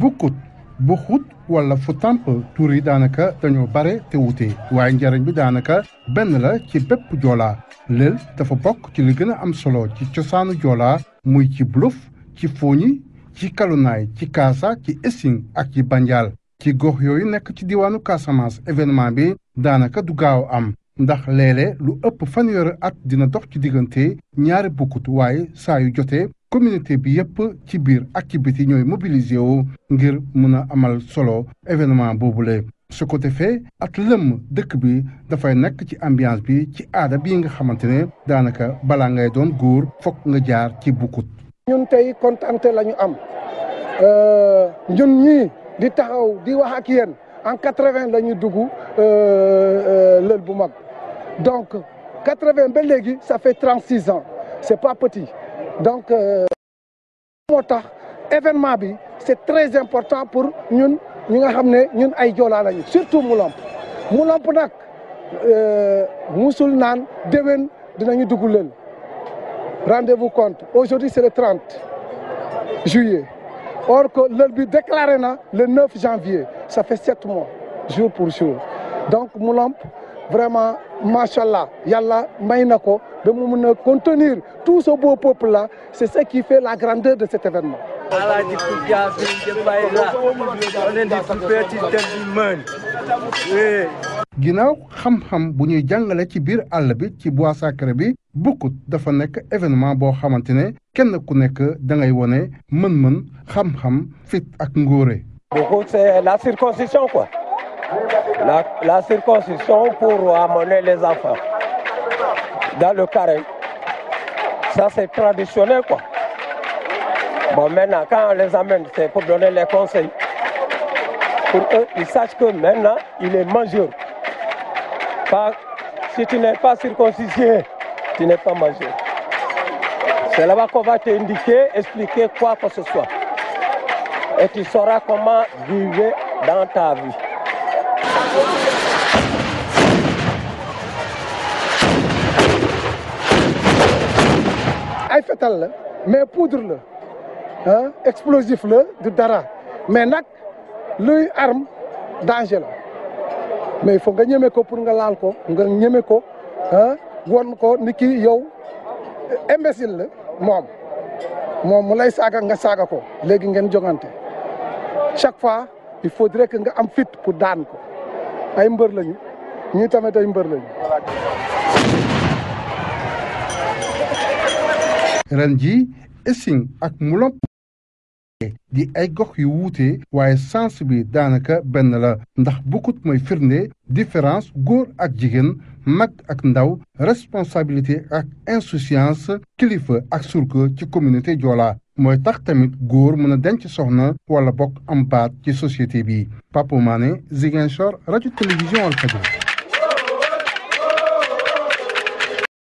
bukkut buxut wala fu tamp tur yi daanaka dañoo bare te wute waaye njariñ bi daanaka benn la ci bépp joolaa lël dafa bokk ci li gën a am solo ci cosaanu joolaa muy ci buluf ci fooñi ci kalunaay ci kaasa ci esing ak ci banjaal ci gox yooyu nekk ci diwaanu Casamance événement bi daanaka du gaaw am ndax léeg lu ëpp fanweeri at dina dox ci diggante ñaare bukkut waaye saa yu jotee communauté bi yëpp ci biir ak ci biti ñooy mobiliser wu ngir mën a amal solo événement boobule. su ko defee at lëmm dëkk bi dafay nekk ci ambiance bi ci aada bi nga xamante ne daanaka balaa ngay doon góor fokk nga jaar ci bukut ñun tey kontante la ñu am euh, ñun ñi di taxaw di wax ak yéen en quatre-vingt la ñu dugg euh, euh, lël bu mag donc quatre-vingt ba léegi ça fait trent six ans c'est pas petit donc euh, moo tax événement bi c'est très important pour ñun ñi nga xam ne ñun ay joolaa surtout Mlomp Mlomp nag euh, musul naan déwén dinañu dugg leen rendez-vous compte aujourd'hui c'est le 30 juillet or que lël bi déclaré na le 9 janvier ça fait sept mois jour pour jour donc Mlomp vraiment macha allah yàlla may na ko ba mu mun a contenir tout ce beau peuple là la grandeur de cet événement. Alaaji Koudia ginnaaw xam-xam bu ñuy jàngale ci biir àll bi ci bois sacré bi bukkut dafa nekk événement boo xamante ne kenn ku nekk da ngay wone mën-mën xam-xam fit ak ngóore. beaucoup c' est la circoncision quoi. la, la circoncision pour amener les enfants dans le carême. Ça, c'est traditionnel, quoi. Bon, maintenant, quand on les amène, c'est pour donner les conseils. Pour que ils sachent que maintenant, il est majeur. Pas, si tu n'es pas circoncisé, tu n'es pas majeur. C'est là-bas qu'on va expliquer quoi que ce soit. Et tu sauras comment vivre dans ta vie. ay fetal la mais poudre la ah explosif la du dara mais nag luy arme danger la mais il faut nga ñeme ko pour nga laal ko nga ñeme ko ah won ko ni ki yow imbécile la moom moom mu lay saaga nga saaga ko léegi ngeen jongante chaque fois il faut que nga am fit pour daan ko ay mbër lañu ñii tamit ay mbër lañu. ren jii Essing ak Moulomp di ay gox yu wuute waaye sens bi daanaka benn la ndax bokkut mooy firnde différence góor ak jigéen mag ak ndaw responsabilité ak insouciance kilifa ak surga ci communauté Joola mooy tax tamit góor mën a denc soxna wala bokk am baat ci société bi Papa Mané Ziguinchor rajo télévision Walfadjri